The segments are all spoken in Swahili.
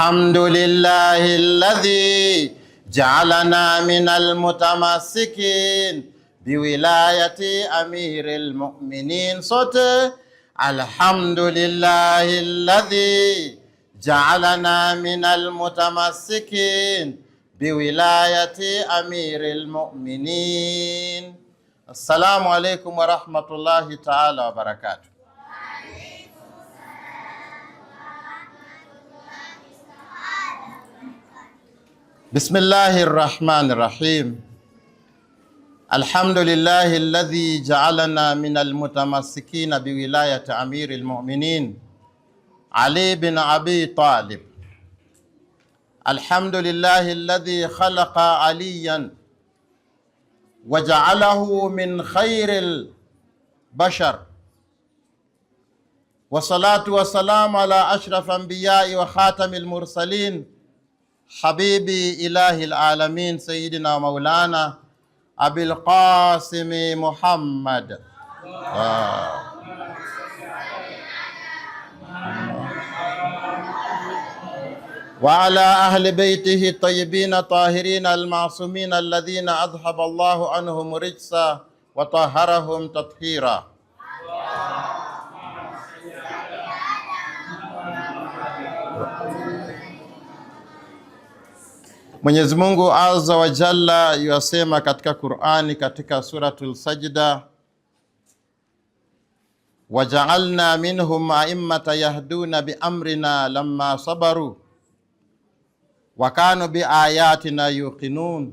الحمد لله الذي جعلنا من المتمسكين بولاية أمير المؤمنين صوت الحمد لله الذي جعلنا من المتمسكين بولاية أمير المؤمنين السلام عليكم ورحمة الله تعالى وبركاته بسم الله الرحمن الرحيم الحمد لله الذي جعلنا من المتمسكين بولاية أمير المؤمنين علي بن أبي طالب الحمد لله الذي خلق عليا وجعله من خير البشر وصلاة وسلام على أشرف أنبياء وخاتم المرسلين حبيبي إله العالمين سيدنا مولانا أبي القاسم محمد آه. وعلى أهل بيته الطيبين الطاهرين المعصومين الذين أذهب الله عنهم رجسا وطهرهم تطهيرا Mwenyezi Mungu Azza wa Jalla yasema katika Qur'ani katika suratul Sajda, waja'alna minhum a'immata yahduna biamrina lamma sabaru wa kanu biayatina yuqinun.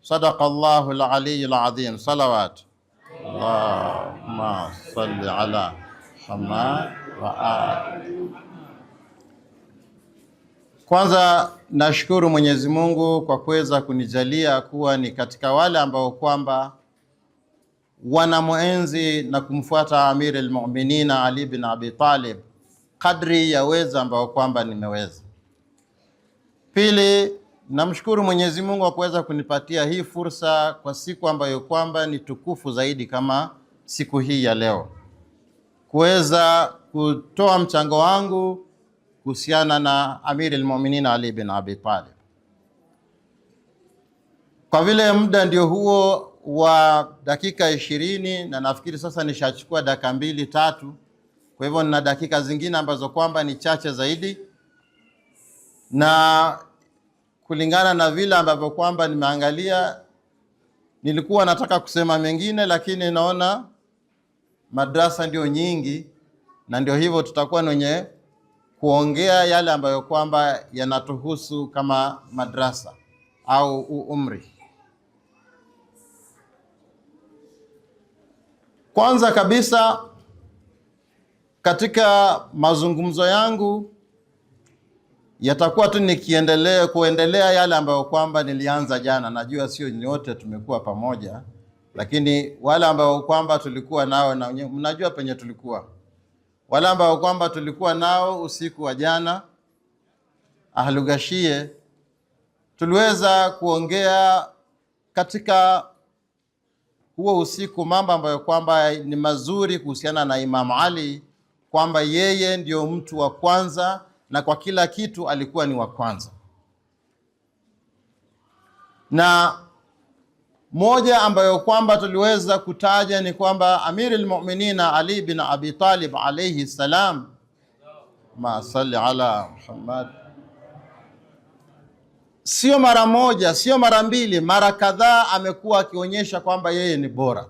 Sadaqa Allahu al-aliyyul azim. Salawat. Allahumma salli ala Muhammad wa ali. Kwanza Nashukuru Mwenyezi Mungu kwa kuweza kunijalia kuwa ni katika wale ambao kwamba wanamwenzi na kumfuata Amir al-Mu'minin Ali bin Abi Talib kadri ya weza ambao kwamba nimeweza. Pili, namshukuru Mwenyezi Mungu kwa kuweza kunipatia hii fursa kwa siku ambayo kwamba ni tukufu zaidi kama siku hii ya leo, kuweza kutoa mchango wangu kuhusiana na Amiri lmuminin Ali bin Abi Talib. Kwa vile muda ndio huo wa dakika ishirini, na nafikiri sasa nishachukua dakika mbili tatu, kwa hivyo nina dakika zingine ambazo kwamba ni chache zaidi, na kulingana na vile ambavyo kwamba nimeangalia, nilikuwa nataka kusema mengine, lakini naona madrasa ndio nyingi na ndio hivyo tutakuwa wenye kuongea yale ambayo kwamba yanatuhusu kama madrasa au umri. Kwanza kabisa katika mazungumzo yangu yatakuwa tu nikiendelea kuendelea yale ambayo kwamba nilianza jana. Najua sio nyote tumekuwa pamoja, lakini wale ambao kwamba tulikuwa nao na mnajua penye tulikuwa wale ambao kwamba tulikuwa nao usiku wa jana Ahlugashie, tuliweza kuongea katika huo usiku mambo ambayo kwamba ni mazuri kuhusiana na Imamu Ali, kwamba yeye ndiyo mtu wa kwanza na kwa kila kitu alikuwa ni wa kwanza na moja ambayo kwamba tuliweza kutaja ni kwamba Amiri lmuminina Ali bin Abi Talib alayhi salam, ma salli ala Muhammad, sio mara moja, sio mara mbili, mara kadhaa amekuwa akionyesha kwamba yeye ni bora,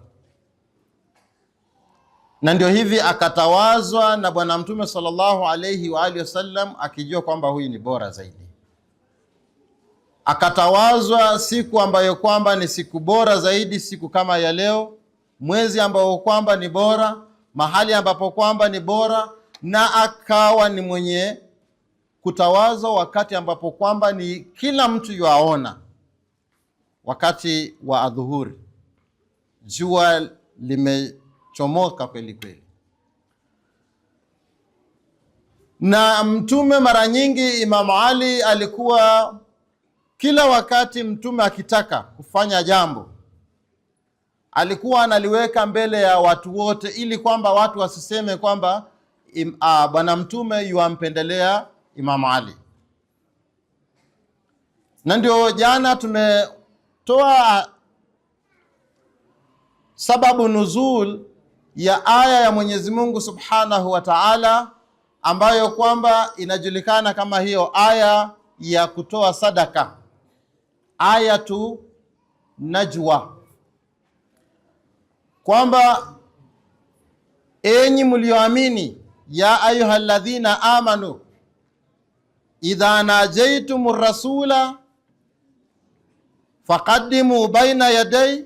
na ndio hivi akatawazwa na Bwana Mtume sallallahu alayhi wa alihi wasallam akijua kwamba huyu ni bora zaidi akatawazwa siku ambayo kwamba ni siku bora zaidi, siku kama ya leo, mwezi ambao kwamba ni bora, mahali ambapo kwamba ni bora, na akawa ni mwenye kutawazwa wakati ambapo kwamba ni kila mtu yuaona wakati wa adhuhuri, jua limechomoka kweli kweli na Mtume mara nyingi, Imamu Ali alikuwa kila wakati mtume akitaka kufanya jambo alikuwa analiweka mbele ya watu wote, ili kwamba watu wasiseme kwamba ah, bwana mtume yuwampendelea imam Ali. Na ndio jana tumetoa sababu nuzul ya aya ya Mwenyezi Mungu Subhanahu wa Ta'ala, ambayo kwamba inajulikana kama hiyo aya ya kutoa sadaka ayatu najwa, kwamba enyi mlioamini, ya ayuha alladhina amanu idha najaitum rasula faqaddimu baina yaday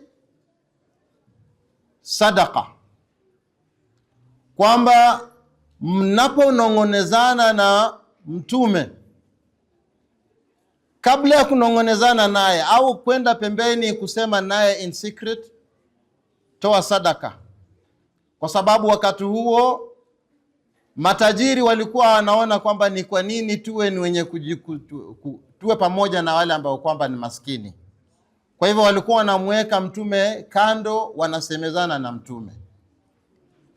sadaqa, kwamba mnaponong'onezana na mtume kabla ya kunong'onezana naye au kwenda pembeni kusema naye in secret, toa sadaka, kwa sababu wakati huo matajiri walikuwa wanaona kwamba ni kwa nini tuwe ni wenye kujiku, tuwe pamoja na wale ambao kwamba ni maskini. Kwa hivyo walikuwa wanamweka mtume kando, wanasemezana na mtume.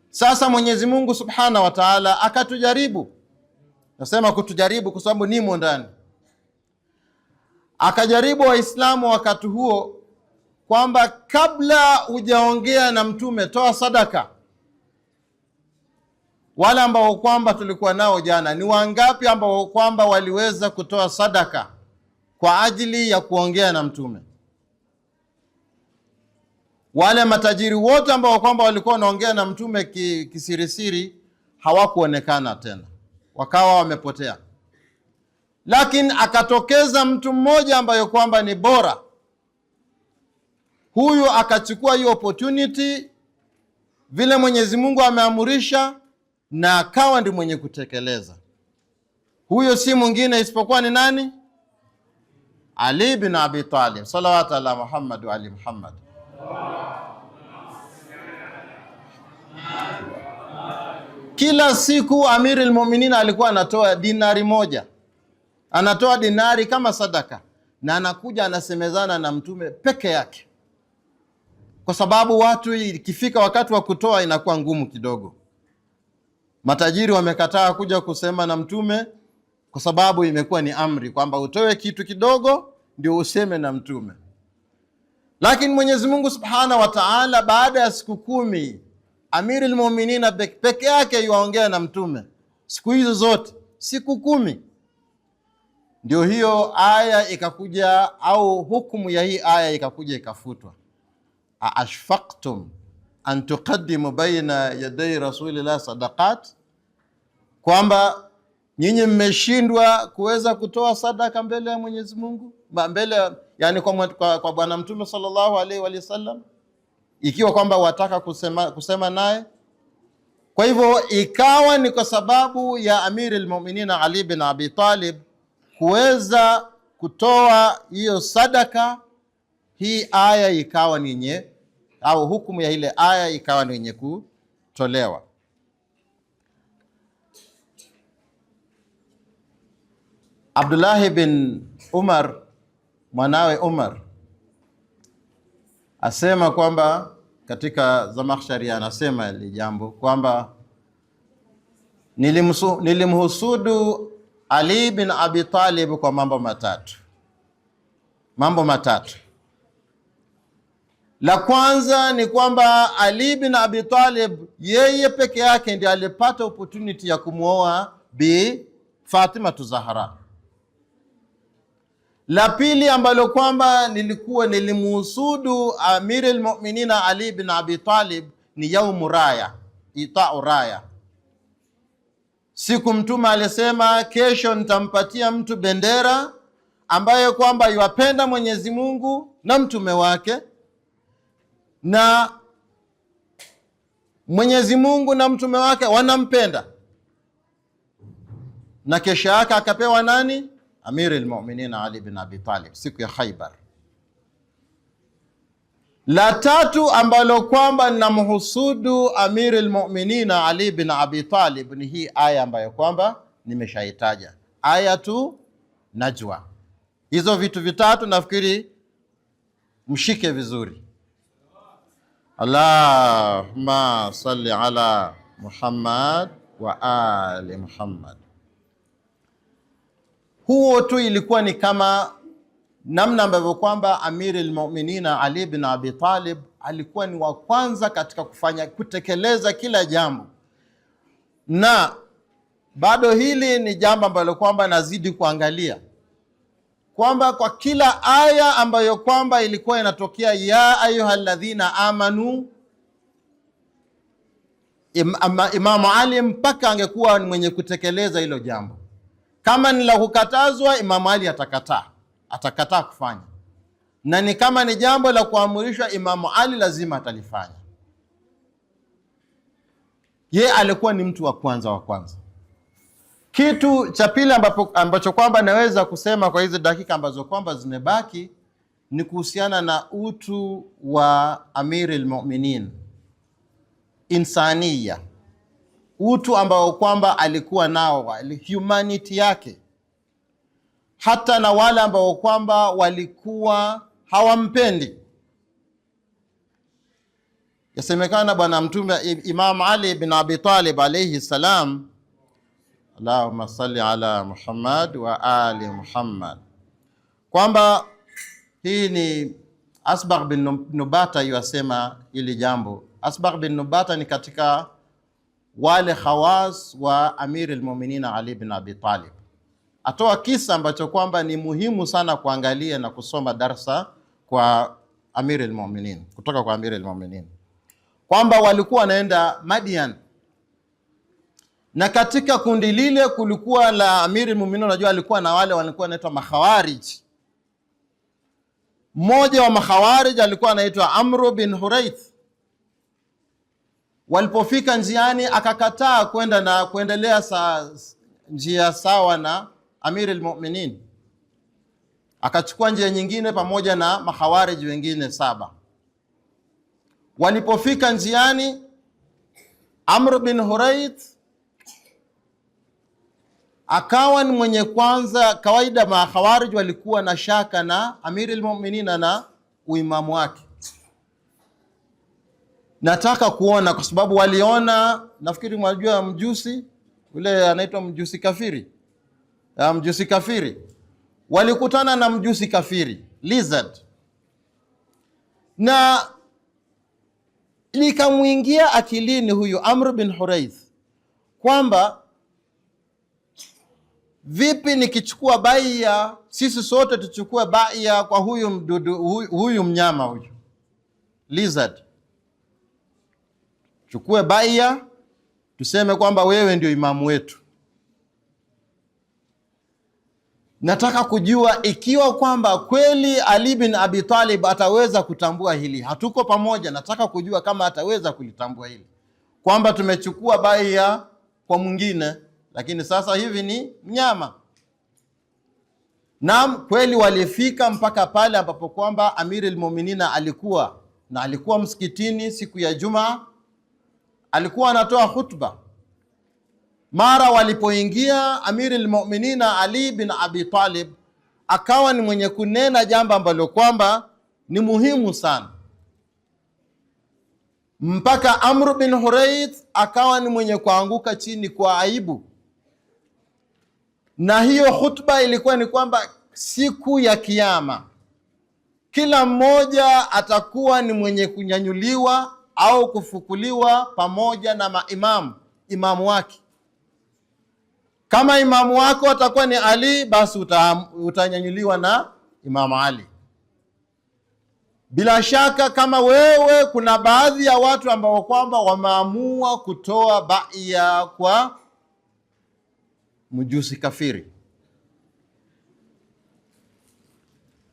Sasa Mwenyezi Mungu Subhana wa Taala akatujaribu, nasema kutujaribu kwa sababu nimo ndani Akajaribu Waislamu wakati huo kwamba kabla hujaongea na mtume toa sadaka. Wale ambao kwamba tulikuwa nao jana, ni wangapi ambao kwamba waliweza kutoa sadaka kwa ajili ya kuongea na mtume? Wale matajiri wote ambao kwamba walikuwa wanaongea na mtume kisirisiri hawakuonekana tena, wakawa wamepotea lakini akatokeza mtu mmoja ambayo kwamba ni bora. Huyu akachukua hiyo opportunity vile Mwenyezi Mungu ameamurisha, na akawa ndi mwenye kutekeleza. Huyo si mwingine isipokuwa ni nani? Ali bin Abi Talib, salawatu ala Muhammad wa ali Muhammad. Kila siku amiri lmuminin alikuwa anatoa dinari moja anatoa dinari kama sadaka na anakuja anasemezana na mtume peke yake, kwa sababu watu ikifika wakati wa kutoa inakuwa ngumu kidogo. Matajiri wamekataa kuja kusema na mtume kwa sababu imekuwa ni amri kwamba utoe kitu kidogo ndio useme na mtume. Lakini Mwenyezi Mungu Subhanahu wa Ta'ala, baada ya siku kumi Amirul Mu'minin peke yake yuaongea na mtume siku hizo zote, siku kumi. Ndio hiyo aya ikakuja, au hukumu ya hii aya ikakuja ikafutwa. aashfaktum an tuqaddimu baina yadai rasulillah sadaqat, kwamba nyinyi mmeshindwa kuweza kutoa sadaka mbele ya Mwenyezi Mungu, mbele yani kwa, kwa, kwa Bwana Mtume sallallahu alaihi wasallam, ikiwa kwamba wataka kusema, kusema naye. Kwa hivyo ikawa ni kwa sababu ya Amiri lmuminina Ali bin Abi Talib kuweza kutoa hiyo sadaka, hii aya ikawa ni yenye au hukumu ya ile aya ikawa ni yenye kutolewa. Abdullahi bin Umar mwanawe Umar asema kwamba katika Zamakhshari anasema ile jambo kwamba nilimhusudu ali bin Abi Talib kwa mambo matatu. Mambo matatu. La kwanza ni kwamba Ali bin Abi Talib yeye peke yake ndiye alipata opportunity ya kumwoa Bi Fatima Zahra. La pili ambalo kwamba nilikuwa nilimuhusudu al-Mu'minin Ali bin Abi Talib ni yaumu raya, itau raya Siku Mtume alisema kesho nitampatia mtu bendera ambaye kwamba iwapenda Mwenyezi Mungu na mtume wake na Mwenyezi Mungu na mtume wake wanampenda, na kesho yake akapewa nani? Amiri lmuminin Ali bin Abi Talib siku ya Khaibar. La tatu ambalo kwamba linamhusudu Amirul Muminina Ali bin Abi Talib ni hii aya ambayo kwamba nimeshaitaja, aya tu Najwa. Hizo vitu vitatu nafikiri mshike vizuri. Allahumma salli ala Muhammad wa ali Muhammad. Huo tu ilikuwa ni kama namna ambavyo kwamba Amiri al-Mu'minina Ali bin Abi Talib alikuwa ni wa kwanza katika kufanya kutekeleza kila jambo, na bado hili ni jambo ambalo kwamba nazidi kuangalia kwamba kwa kila aya ambayo kwamba ilikuwa inatokea ya ayuhaladhina amanu Im, ama, Imamu Ali mpaka angekuwa mwenye kutekeleza hilo jambo. Kama ni la kukatazwa, Imamu Ali atakataa atakataa kufanya, na ni kama ni jambo la kuamrishwa Imamu Ali lazima atalifanya. Ye alikuwa ni mtu wa kwanza wa kwanza. Kitu cha pili ambacho kwamba naweza kusema kwa hizi dakika ambazo kwamba zimebaki ni kuhusiana na utu wa Amiri lmuminin, insania, utu ambao kwamba alikuwa nao, humanity yake hata na wale ambao kwamba walikuwa hawampendi. Yasemekana Bwana Mtume Imam Ali bin Abi Talib alayhi salam, Allahumma salli ala Muhammad wa ali Muhammad, kwamba hii ni Asbagh bin Nubata yuasema ili jambo. Asbagh bin Nubata ni katika wale khawas wa Amir al-Mu'minin Ali bin Abi Talib atoa kisa ambacho kwamba ni muhimu sana kuangalia na kusoma darsa kwa Amir al-Mu'minin, kutoka kwa Amir al-Mu'minin kwamba walikuwa wanaenda Madian na katika kundi lile kulikuwa la Amir al-Mu'minin, unajua alikuwa na wale walikuwa wanaitwa makhawarij. Mmoja wa makhawarij alikuwa anaitwa Amru bin Huraith. Walipofika njiani akakataa kwenda na kuendelea sa njia sawa na amiri muminin akachukua njia nyingine pamoja na mahawariji wengine saba. Walipofika njiani, Amr bin Hurait akawa ni mwenye kwanza. Kawaida mahawariji walikuwa na shaka na amiri muminin na uimamu wake nataka kuona kwa sababu waliona, nafikiri mwajua mjusi yule anaitwa mjusi kafiri Ah, mjusi kafiri, walikutana na mjusi kafiri lizard, na likamwingia akilini huyu Amr bin Huraith kwamba vipi nikichukua baia, sisi sote tuchukue baia kwa huyu mdudu, huyu mnyama huyu lizard, chukue baia tuseme kwamba wewe ndio imamu wetu Nataka kujua ikiwa kwamba kweli Ali bin Abi Talib ataweza kutambua hili. Hatuko pamoja, nataka kujua kama ataweza kulitambua hili, kwamba tumechukua baia kwa mwingine, lakini sasa hivi ni mnyama. Naam, kweli walifika mpaka pale ambapo kwamba Amirul Muminina alikuwa na alikuwa msikitini siku ya Jumaa, alikuwa anatoa khutba mara walipoingia Amiri lmuminina Ali bin Abi Talib akawa ni mwenye kunena jambo ambalo kwamba ni muhimu sana, mpaka Amr bin Hurayth akawa ni mwenye kuanguka chini kwa aibu. Na hiyo khutba ilikuwa ni kwamba siku ya kiama kila mmoja atakuwa ni mwenye kunyanyuliwa au kufukuliwa pamoja na maimamu imamu wake kama imamu wako atakuwa ni Ali, basi utanyanyuliwa na Imamu Ali. Bila shaka kama wewe, kuna baadhi ya watu ambao kwamba wameamua kutoa baia kwa mjusi kafiri.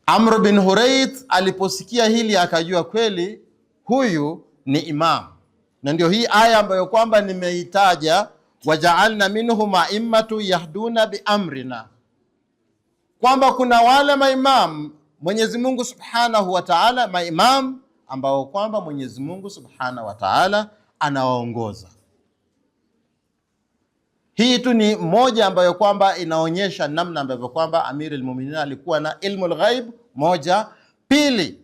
Amr bin hureit aliposikia hili akajua kweli huyu ni imam, na ndio hii aya ambayo kwamba nimeitaja wajaalna minhum aimmatu yahduna biamrina, kwamba kuna wale maimam Mwenyezi Mungu subhanahu wa taala, maimam ambao kwamba Mwenyezi Mungu subhanahu wa taala anawaongoza. Hii tu ni moja ambayo kwamba inaonyesha namna ambavyo kwamba Amir al-Mu'minin alikuwa na ilmu lghaib. Moja. Pili,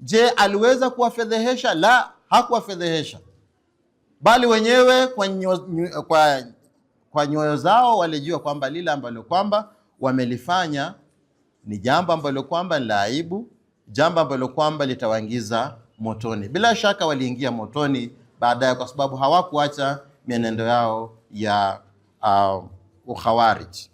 je, aliweza kuwafedhehesha? La, hakuwafedhehesha bali wenyewe kwa, nyo, kwa, kwa nyoyo zao walijua kwamba lile ambalo kwamba wamelifanya ni jambo ambalo kwamba ni la aibu, jambo ambalo kwamba litawaingiza motoni. Bila shaka waliingia motoni baadaye, kwa sababu hawakuacha mienendo yao ya uh, um, ukhawariji.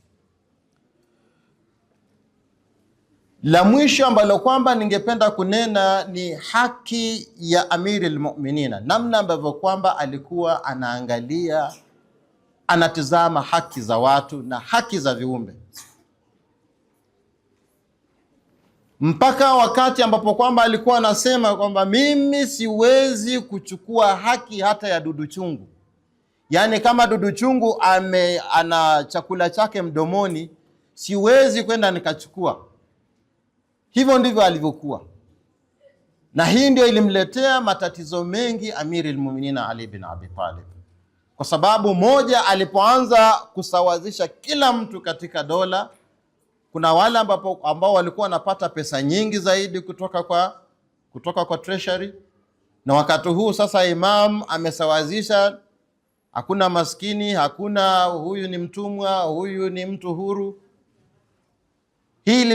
La mwisho ambalo kwamba ningependa kunena ni haki ya amiri lmuminina, namna ambavyo kwamba alikuwa anaangalia, anatizama haki za watu na haki za viumbe mpaka wakati ambapo kwamba alikuwa anasema kwamba mimi siwezi kuchukua haki hata ya dudu chungu. Yaani, kama dudu chungu ame ana chakula chake mdomoni, siwezi kwenda nikachukua Hivyo ndivyo alivyokuwa, na hii ndio ilimletea matatizo mengi Amiri Mu'minin Ali bin Abi Talib, kwa sababu moja, alipoanza kusawazisha kila mtu katika dola, kuna wale ambao walikuwa wanapata pesa nyingi zaidi kutoka kwa, kutoka kwa treasury na wakati huu sasa Imam amesawazisha, hakuna maskini, hakuna huyu ni mtumwa, huyu ni mtu huru. Hili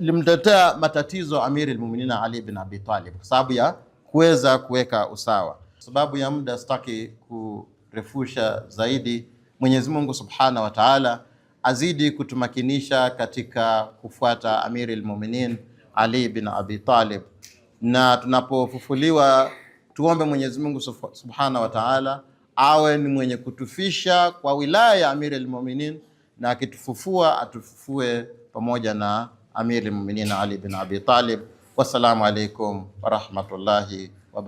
limtetea matatizo Amiri Almuminina Ali bin Abi Talib kwa sababu ya kuweza kuweka usawa. Sababu ya muda sitaki kurefusha zaidi. Mwenyezi Mungu Subhanahu wa Ta'ala azidi kutumakinisha katika kufuata Amiri lmuminin Ali bin Abi Talib, na tunapofufuliwa tuombe Mwenyezi Mungu Subhanahu wa Ta'ala awe ni mwenye kutufisha kwa wilaya ya Amiri lmuminin na akitufufua atufufue pamoja na Amiri Muminina Ali bin Abi Talib. Wassalamu alaikum warahmatullahi wabarakatuh.